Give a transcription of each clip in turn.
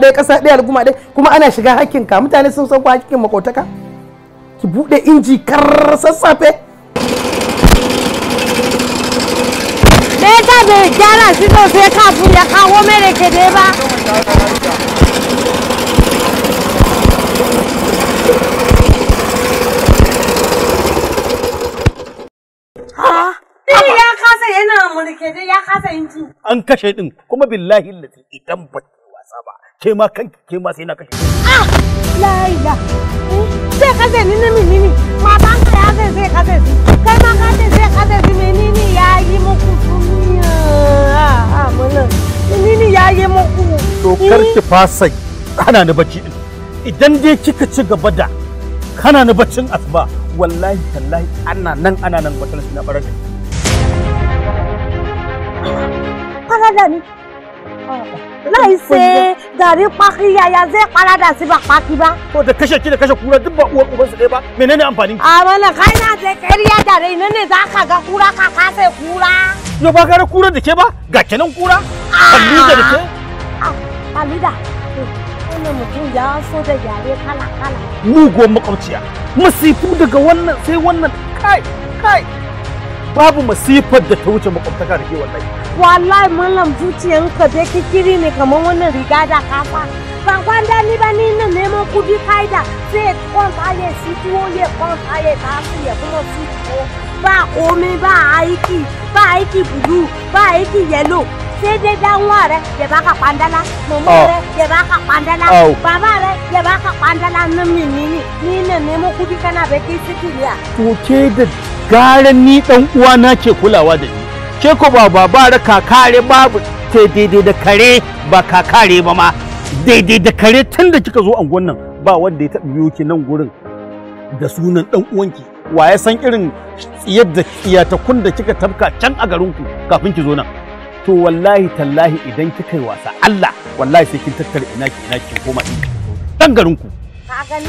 ɗaya ƙasa ɗaya al'umma ɗaya kuma ana shiga hakkinka mutane sun san ko hakkin makotaka ki buɗe inji kar sassafe me yasa da gyara shi sosai kafin ya kawo mere ke dai ba ya kasa yana mulke ya kasa inji an kashe din kuma billahi lati idan ba azaba ke ma kan ke ma sai na kashe ah la ila sai eh, ka zai ni nimi nimi ma ba ka ya zai sai ka zai kai ma ka zai sai ka zai ni ya yi muku tumiya a ah, ah, mana ni ya yi muku to kar ki fasa kana ni bacci din idan dai kika ci gaba da kana na baccin asuba wallahi tallahi ana nan ana nan batun shi na barar da ni. láìsẹ gàrí pakiya ya zai parada su ba paki ba. Ko da a kura ba uwar ba menene amfani? A mana ne ka ga kura ka kura. kura ba ga kura. ke. ya yare kala kala. Muguwar makwabciya. Masifu daga wannan sai wannan kai kai. babu masifar da ta wuce makwabtaka da ke wallahi wallahi mallam zuciyanka da kiri ne kamar wannan riga da kafa ba kwanda ni ba ni na neman kudi kaida sai kwanta ya situo ya kwanta ya tafi ya kuma situo ba komai ba aiki ba aiki bulu ba aiki yellow sai dai dan ware ya baka kwandala mama ah. re ya baka kwandala baba re ya baka kwandala nan mini ni na nemo kudi kana bai k'i sikiriya to ke da gara ni dan uwa na ke kulawa da ni ke ko ba babara kakare babu daidai da kare ba kakare ba ma daidai da kare tun da kika zo anguwan nan ba wanda ya taɓa biyo ki nan gurin da sunan dan uwanki wa ya san irin yadda iyatakun da kika tafka can a garinku kafin ki zo nan to wallahi tallahi idan kika yi wasa Allah wallahi sai kin tattara ina ki ina ki koma ɗan garinku ka gani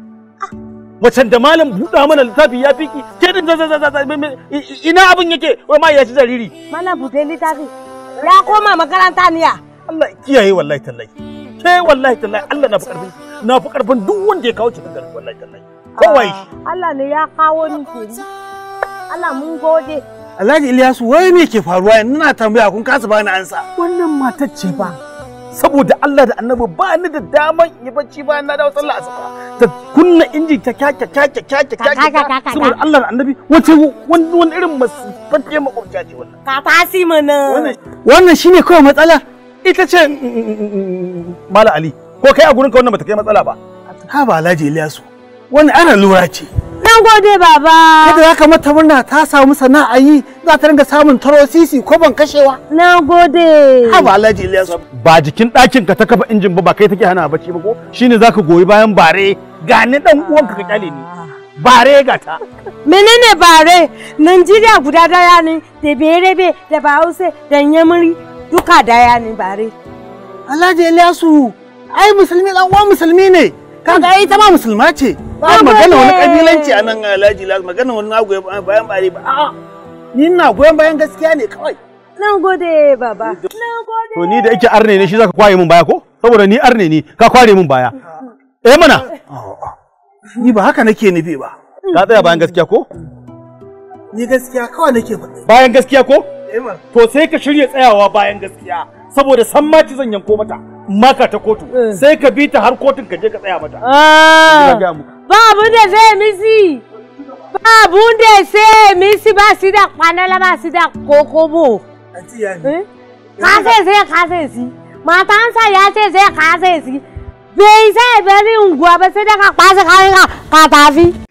wacan da malam buɗa mana littafi ya fiki ke din ina abin yake wai ma ya ci jariri malam buɗe littafi ya koma makaranta niya Allah kiyaye wallahi tallahi ke wallahi tallahi Allah na fi karfin na fi karfin duk wanda ya kawo cikin garbi wallahi tallahi kowai ah, Allah ne ya kawo ni ke Allah mun gode Alhaji Ilyasu wai me ke faruwa ina tambaya kun kasa bani ansa wannan matar ce ba saboda Allah da annabi ba ni da daman yi bacci bayan na dawo sallah asuba ta kunna inji ta kyakya kyakya kyakya kyakya saboda Allah da annabi wace wani wani irin masifaffe makwabta ce wannan ka tasi mana wannan shine kawai matsala ita ce mm, mm, mm, mala ali ko kai a gurin ka wannan bata kai matsala ba ha ba alhaji Ilyasu wani ana lura ce Na gode baba. Kada ya kamata mata murna ta samu sana'a yi za ta ringa samun taro sisi ko ban kashewa. Na gode. ba Alhaji Ilyas. Ba jikin ɗakin ka ta kafa injin ba ba kai take hana bacci ba ko shine za ka goyi bayan bare ga ni dan uwanka ka kyale ni. Bare ga ta. Menene bare? Najeriya guda daya ne da Berebe da Bahause da Yamuri duka daya ne bare. Alhaji Ilyasu ai musulmi dan uwan musulmi ne. kaga ai ita ma musulma ce ba magana wani kabilanci anan nan alhaji magana wani na goyon bayan bare ba a'a ni ina goyon bayan gaskiya ne kawai nan gode baba nan gode to ni da yake arne ne shi zaka kwaye min baya ko saboda ni arne ni ka kware min baya eh mana ni ba haka nake nufi ba ka tsaya bayan gaskiya ko ni gaskiya kawai nake faɗi bayan gaskiya ko to sai ka shirya tsayawa bayan gaskiya saboda san ma ci zan yanko mata maka ta kotu eh. sai ka bi ta har kotun ka je ka tsaya mata ah. ba abun da zai misi ba abun da sai misi ba si da kwanala ba si da kokobo eh? ka sai sai ka sai si matansa ya ce sai ka sai si bai sai bari unguwa ba sai da ka kwasa kayan ka tafi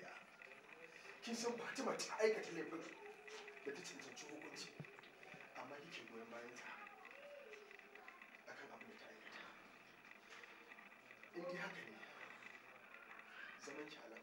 in dai haka ne zaman ki